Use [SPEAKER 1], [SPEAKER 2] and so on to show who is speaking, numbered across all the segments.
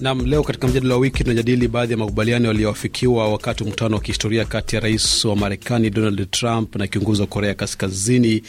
[SPEAKER 1] Nam, leo katika mjadala wa wiki tunajadili baadhi ya makubaliano yaliyoafikiwa wakati wa mkutano wa kihistoria kati ya rais wa Marekani Donald Trump na kiongozi wa Korea Kaskazini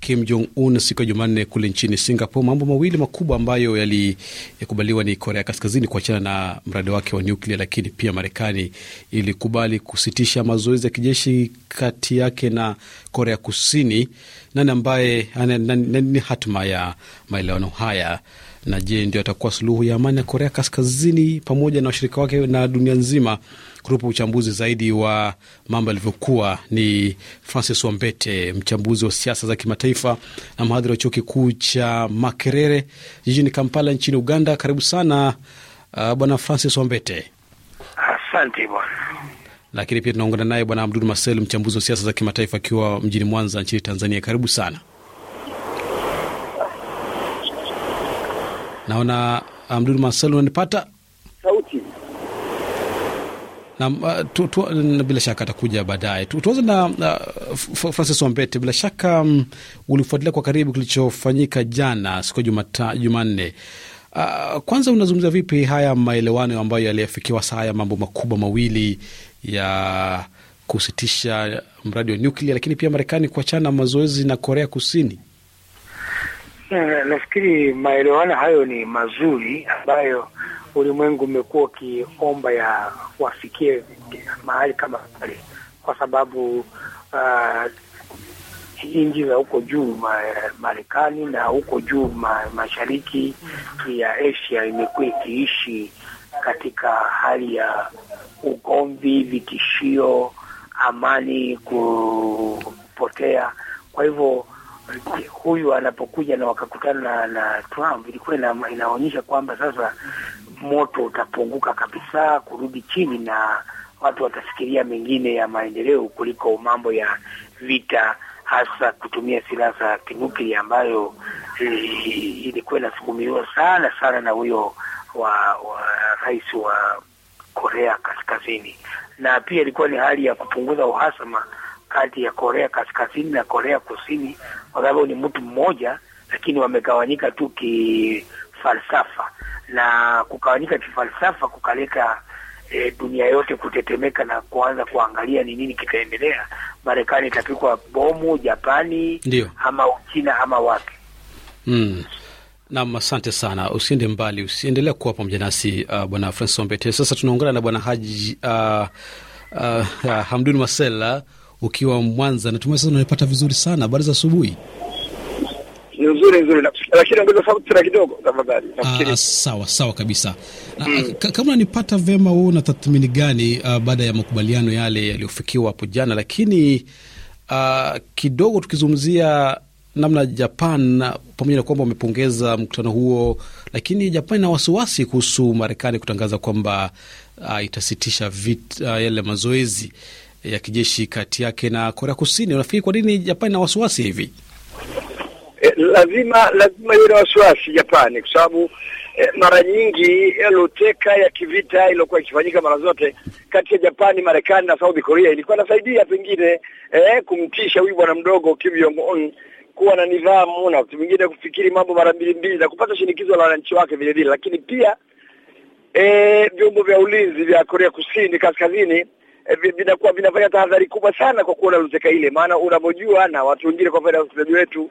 [SPEAKER 1] Kim Jong Un siku ya Jumanne kule nchini Singapore. Mambo mawili makubwa ambayo yalikubaliwa ni Korea Kaskazini kuachana na mradi wake wa nyuklia, lakini pia Marekani ilikubali kusitisha mazoezi ya kijeshi kati yake na Korea Kusini. Nani ambaye nani, nani, nani hatima ya maelewano haya? Na je, ndio atakuwa suluhu ya amani ya Korea Kaskazini pamoja na washirika wake na dunia nzima? Kutupa uchambuzi zaidi wa mambo yalivyokuwa ni Francis Wambete, mchambuzi wa siasa za kimataifa na mhadhiri wa chuo kikuu cha Makerere jijini Kampala nchini Uganda. Karibu sana uh, bwana Francis Wambete. Asante bwana lakini pia tunaungana naye bwana Abdul Masel, mchambuzi wa siasa za kimataifa akiwa mjini Mwanza nchini Tanzania. Karibu sana. Naona uh, Mdudu Masal, unanipata sauti? Na, uh, tu, tu, na bila shaka atakuja baadaye. Tuanze na uh, Francis Wambete, bila shaka um, ulifuatilia kwa karibu kilichofanyika jana siku ya Jumanne. Uh, kwanza unazungumza vipi haya maelewano ambayo yaliyafikiwa, saa haya mambo makubwa mawili ya kusitisha mradi wa nyuklia, lakini pia Marekani kuachana na mazoezi na Korea Kusini?
[SPEAKER 2] na, maelewano hayo ni mazuri ambayo ulimwengu umekuwa ukiomba ya wafikie mahali kama pale, kwa sababu uh, nji za huko juu Marekani na huko juu ma, mashariki ya Asia imekuwa ikiishi katika hali ya ugomvi, vitishio, amani kupotea. Kwa hivyo huyu anapokuja na wakakutana na, na Trump ilikuwa ina, inaonyesha kwamba sasa moto utapunguka kabisa kurudi chini na watu watafikiria mengine ya maendeleo kuliko mambo ya vita, hasa kutumia silaha za kinuklia ambayo eh, ilikuwa inasukumiwa sana sana na huyo wa, wa rais wa Korea Kaskazini, na pia ilikuwa ni hali ya kupunguza uhasama kati ya Korea Kaskazini na Korea Kusini, kwa sababu ni mtu mmoja, lakini wamegawanyika tu kifalsafa, na kugawanyika kifalsafa kukaleta e, dunia yote kutetemeka na kuanza kuangalia ni nini kitaendelea. Marekani itapikwa bomu, Japani Ndiyo. ama Uchina ama wapi?
[SPEAKER 1] mm. Nam, asante sana. Usiende mbali, usiendelea kuwa pamoja nasi uh, bwana Francis Ombete. Sasa tunaungana na bwana Haji uh, uh, uh, Hamdun Masela uh, ukiwa Mwanza. Natumai sasa unanipata vizuri sana. Habari za asubuhi.
[SPEAKER 3] Nzuri nzuri, lakini ongeza sauti tena kidogo tafadhali.
[SPEAKER 1] Ah, ah, sawa sawa kabisa. Mm. Kama unanipata vema, wewe una tathmini gani baada ya makubaliano yale yaliyofikiwa hapo jana? Lakini uh, kidogo tukizungumzia namna Japan pamoja na kwamba wamepongeza mkutano huo, lakini Japan ina wasiwasi kuhusu Marekani kutangaza kwamba uh, itasitisha vita, uh, yale mazoezi ya kijeshi kati yake na Korea Kusini. Unafikiri kwa nini Japani ina wasiwasi hivi?
[SPEAKER 3] E, lazima lazima iwe na wasiwasi Japani kwa sababu e, mara nyingi yaloteka eh, ya kivita iliyokuwa ikifanyika mara zote kati ya Japani, Marekani na Saudi Korea ilikuwa inasaidia pengine e, kumtisha huyu bwana mdogo Kim Jong Un kuwa na nidhamu na wakati mwingine kufikiri mambo mara mbili mbili na kupata shinikizo la wananchi wake vile vile, lakini pia vyombo e, vya ulinzi vya Korea Kusini kaskazini Eh, vinakuwa vinafanya tahadhari kubwa sana kwa kuona luteka ile, maana unavyojua na watu wengine, kwa faida ya wasikilizaji wetu,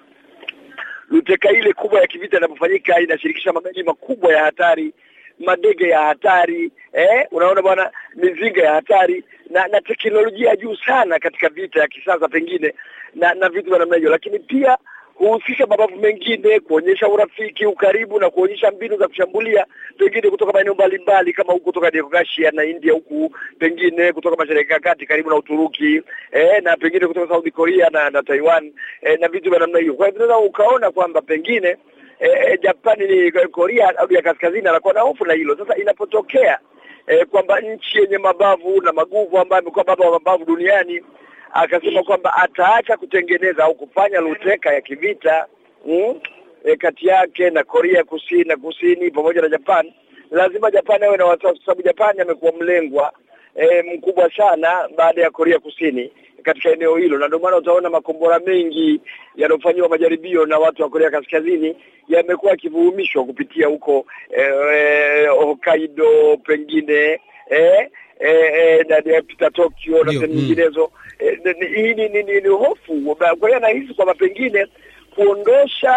[SPEAKER 3] luteka ile kubwa ya kivita inapofanyika inashirikisha magari makubwa ya hatari, madege ya hatari eh, unaona bwana, mizinga ya hatari na na teknolojia ya juu sana katika vita ya kisasa pengine na na vitu vya namna hiyo, lakini pia kuhusisha mabavu mengine, kuonyesha urafiki, ukaribu na kuonyesha mbinu za kushambulia, pengine kutoka maeneo mbalimbali kama huku kutoka Kaukashia na India, huku pengine kutoka Mashariki ya Kati karibu na Uturuki eh, na pengine kutoka South Korea na, na Taiwan eh, na vitu vya namna hiyo. Kwa hivyo tunaweza ukaona kwamba pengine eh, Japani ni Korea au ya Kaskazini anakuwa na hofu na hilo. Sasa inapotokea eh, kwamba nchi yenye mabavu na maguvu ambayo amekuwa baba wa mabavu duniani akasema kwamba ataacha kutengeneza au kufanya luteka ya kivita mm, e, kati yake na Korea Kusini na Kusini pamoja na Japan. Lazima Japan awe na wasiwasi, kwa sababu Japan amekuwa mlengwa e, mkubwa sana baada ya Korea Kusini katika eneo hilo, na ndio maana utaona makombora mengi yanayofanyiwa majaribio na watu wa Korea Kaskazini yamekuwa yakivuhumishwa kupitia huko e, e Hokkaido pengine eh, eh, eh, Peter Tokyo na sehemu mm. nyinginezo eh, hii ni, ni, ni, ni hofu. Kwa hiyo anahisi kwamba pengine kuondosha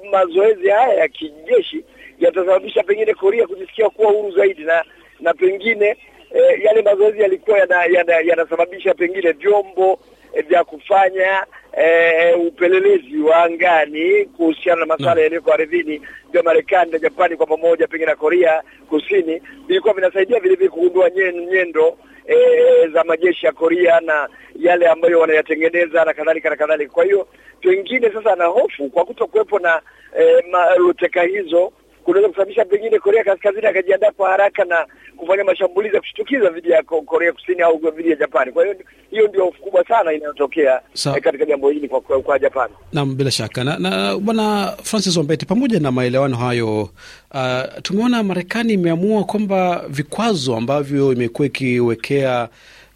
[SPEAKER 3] uh, mazoezi haya ya kijeshi yatasababisha pengine Korea kujisikia kuwa huru zaidi na na pengine eh, yale mazoezi yalikuwa yanasababisha yana, yana pengine vyombo Eh, vya kufanya e, upelelezi wa angani kuhusiana na masuala yaliyoko ardhini vya Marekani na Japani kwa pamoja, pengine na Korea Kusini, vilikuwa vinasaidia vile vile kugundua nyendo e, za majeshi ya Korea na yale ambayo wanayatengeneza na kadhalika na kadhalika. Kwa hiyo pengine sasa ana hofu kwa kutokuwepo na e, ruteka hizo kunaweza kusababisha pengine Korea Kaskazini akajiandaa kwa haraka na kufanya mashambulizi ya kushtukiza dhidi ya Korea Kusini au dhidi ya Japani. Kwa hiyo hiyo ndio hofu kubwa sana inayotokea eh, katika jambo hili kwa, kwa, kwa Japani.
[SPEAKER 1] Naam, bila shaka na, na Bwana Francis Wambete, pamoja na maelewano hayo uh, tumeona Marekani imeamua kwamba vikwazo ambavyo imekuwa ikiwekea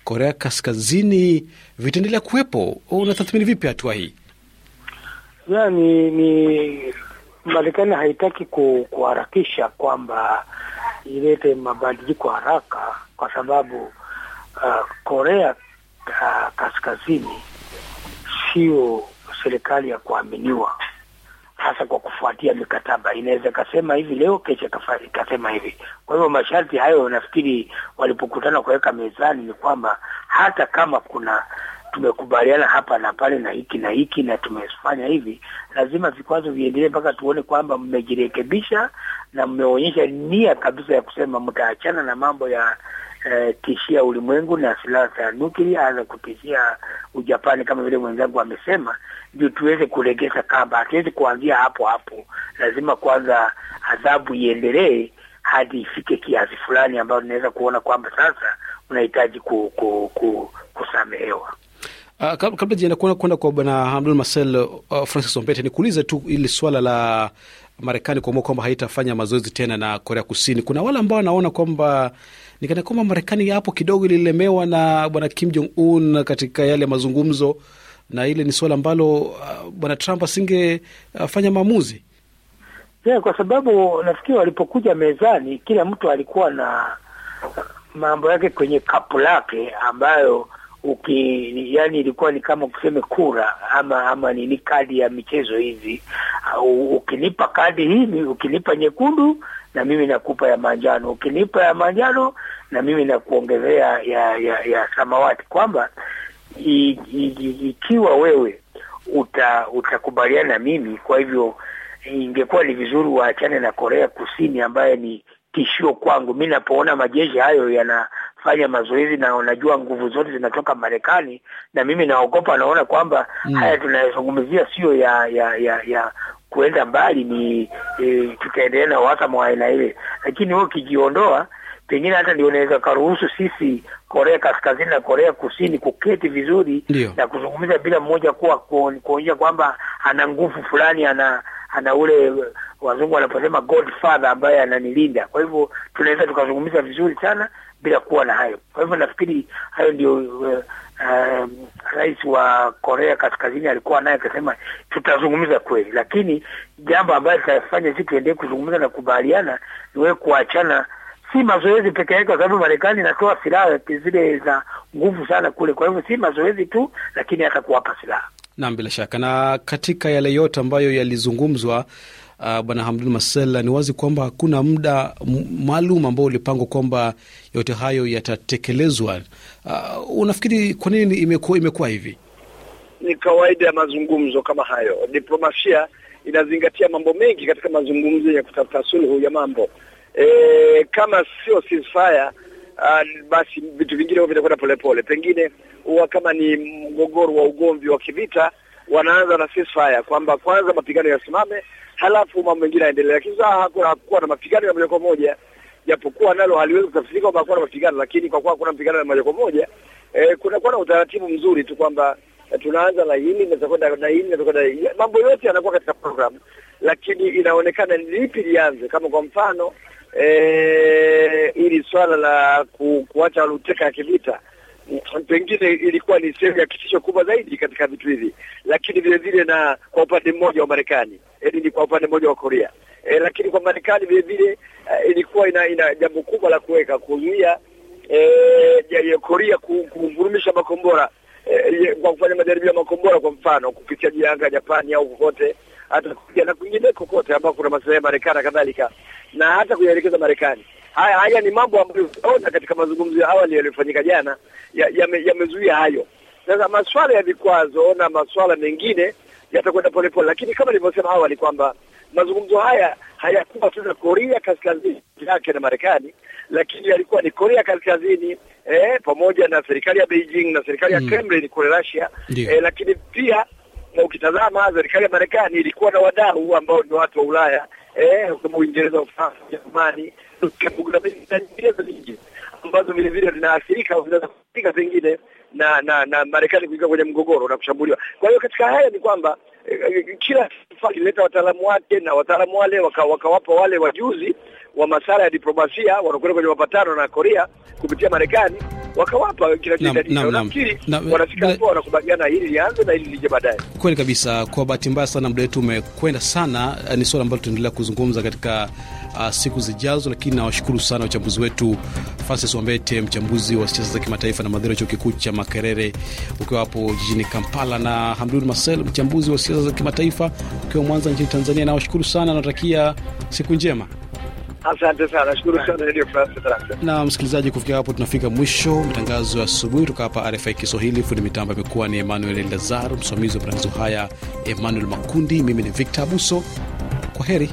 [SPEAKER 1] Korea Kaskazini vitaendelea kuwepo. Unatathmini vipi hatua hii?
[SPEAKER 2] Ya, ni, ni Marekani haitaki ku, kuharakisha kwamba ilete mabadiliko haraka kwa sababu uh, Korea uh, Kaskazini sio serikali ya kuaminiwa hasa kwa kufuatia mikataba. Inaweza kasema hivi leo, kesho ikasema hivi. Kwa hivyo masharti hayo, nafikiri walipokutana kuweka mezani ni kwamba hata kama kuna tumekubaliana hapa na pale na hiki na hiki na tumefanya hivi, lazima vikwazo viendelee mpaka tuone kwamba mmejirekebisha na mmeonyesha nia kabisa ya kusema mtaachana na mambo ya eh, tishia ulimwengu na silaha za nuklia aza kutishia Ujapani kama vile mwenzangu amesema, ndio tuweze kulegeza kamba. Hatuwezi kuanzia hapo hapo, lazima kwanza adhabu iendelee hadi ifike kiasi fulani ambayo tunaweza kuona kwamba sasa unahitaji ku, ku, ku, kusamehewa.
[SPEAKER 1] Uh, kabla jienda kwenda kwa bwana Hamdul Marcel uh, Francis Ombete, nikuulize tu ili swala la Marekani kuamua kwamba haitafanya mazoezi tena na Korea Kusini. Kuna wale ambao wanaona kwamba nikana kwamba Marekani hapo kidogo ililemewa na bwana Kim Jong Un katika yale mazungumzo, na ile ni suala ambalo uh, bwana Trump asingefanya uh, maamuzi
[SPEAKER 2] yeah, kwa sababu nafikiri walipokuja mezani kila mtu alikuwa na mambo yake kwenye kapu lake ambayo uki yani ilikuwa ni kama kuseme kura ama ama nini kadi ya michezo hizi ukinipa kadi hii ukinipa nyekundu na mimi nakupa ya manjano ukinipa ya manjano na mimi nakuongezea ya, ya, ya, ya samawati kwamba ikiwa wewe uta utakubaliana na mimi kwa hivyo ingekuwa ni vizuri waachane na Korea Kusini ambaye ni tishio kwangu mi napoona majeshi hayo yana fanya mazoezi na unajua nguvu zote zinatoka Marekani, na mimi naogopa, naona kwamba mm. haya tunayozungumzia siyo ya ya ya, ya kuenda mbali, ni e, tutaendelea na uhasama wa aina ile, lakini wewe ukijiondoa pengine hata ndio unaweza karuhusu sisi Korea Kaskazini na Korea Kusini kuketi vizuri Dio. na kuzungumza bila mmoja kuwa kuonyesha kwamba ana nguvu fulani, ana ana ule wazungu wanaposema godfather ambaye ananilinda. Kwa hivyo tunaweza tukazungumza vizuri sana bila kuwa na hayo. Kwa hivyo nafikiri hayo ndio uh, uh, rais wa Korea Kaskazini alikuwa naye akasema, tutazungumza kweli, lakini jambo ambayo litafanya si tuendelee kuzungumza na kubahaliana ni wewe kuachana si mazoezi peke yake, kwa sababu Marekani inatoa silaha zile za nguvu sana kule. Kwa hivyo si mazoezi tu, lakini hata kuwapa silaha.
[SPEAKER 1] Nam, bila shaka. Na katika yale yote ambayo yalizungumzwa, uh, bwana Hamdun Masela, ni wazi kwamba hakuna muda maalum ambao ulipangwa kwamba yote hayo yatatekelezwa. Uh, unafikiri kwa nini imekuwa imekuwa hivi?
[SPEAKER 2] Ni kawaida
[SPEAKER 3] ya mazungumzo kama hayo. Diplomasia inazingatia mambo mengi katika mazungumzo ya kutafuta suluhu ya mambo e, kama sio ceasefire uh, basi vitu vingine huwa vitakwenda polepole, pengine huwa kama ni mgogoro wa ugomvi wa kivita wanaanza na ceasefire kwamba kwanza mapigano yasimame, halafu mambo mengine yaendelee. Lakini sasa hakuwa na mapigano ya moja kwa moja, japokuwa nalo haliwezi kutafsirika kwamba hakuwa na mapigano, lakini kwa kuwa hakuna mapigano ya moja kwa moja eh, kunakuwa na utaratibu mzuri tu kwamba eh, tunaanza na hili na na hili na mambo yote yanakuwa katika program lakini inaonekana ni lipi lianze, kama kwa mfano hili eh, ili swala la ku, kuacha luteka ya kivita pengine ilikuwa ni sehemu ya kitisho kubwa zaidi katika vitu hivi, lakini vile vile na kwa upande mmoja wa Marekani yaani ni kwa upande mmoja wa Korea e, lakini kwa Marekani vile vile uh, ilikuwa ina, ina jambo kubwa la kuweka kuzuia e, Korea kuvurumisha makombora e, kwa kufanya majaribio ya makombora kwa mfano kupitia juu ya anga Japani au kokote atakuja na kwingine kote ambao kuna masuala ya Marekani kadhalika, na hata kuyaelekeza Marekani. Haya haya ni mambo ambayo ona katika mazungumzo ya awali yaliyofanyika jana yamezuia ya ya hayo. Sasa masuala ya vikwazo na masuala mengine yatakwenda polepole, lakini kama nilivyosema awali kwamba mazungumzo haya hayakuwa tena Korea Kaskazini yake na Marekani, lakini yalikuwa ni Korea Kaskazini eh, pamoja na serikali ya Beijing na serikali ya mm. Kremlin kule Russia eh, lakini pia na ukitazama serikali ya Marekani ilikuwa na wadau ambao ni watu wa Ulaya eh, kama Uingereza, Ufaransa, Ujerumani nyinginezo nyingi ambazo vile vile zinaathirika pengine na na na Marekani kuingia kwenye mgogoro na kushambuliwa. Kwa hiyo katika haya ni kwamba eh, kila taifa ilileta wataalamu wake na wataalamu wale wakawapa waka wale wajuzi wa masuala ya diplomasia wanakwenda kwenye mapatano na Korea kupitia Marekani wakawapa kinachohitajika. wanakubaliana hili lianze na hili lije baadaye.
[SPEAKER 1] Kweli kabisa. Kwa bahati mbaya sana muda wetu umekwenda sana, eh, ni suala ambalo tutaendelea kuzungumza katika uh, siku zijazo, lakini nawashukuru sana wachambuzi wetu, Francis Wambete, mchambuzi wa siasa za kimataifa na madhara chuo kikuu cha Makerere, ukiwa hapo jijini Kampala, na Hamdun Marcel, mchambuzi wa siasa za kimataifa, ukiwa Mwanza nchini Tanzania. Nawashukuru sana, natakia siku njema.
[SPEAKER 3] Asante sana, shukuru sana Radio France International.
[SPEAKER 1] Na msikilizaji, kufikia hapo tunafika mwisho matangazo ya asubuhi kutoka hapa RFI Kiswahili. Fundi mitambo amekuwa ni Emmanuel Lazaro, msimamizi wa matangazo haya Emmanuel Makundi, mimi ni Victor Abuso. Kwa heri.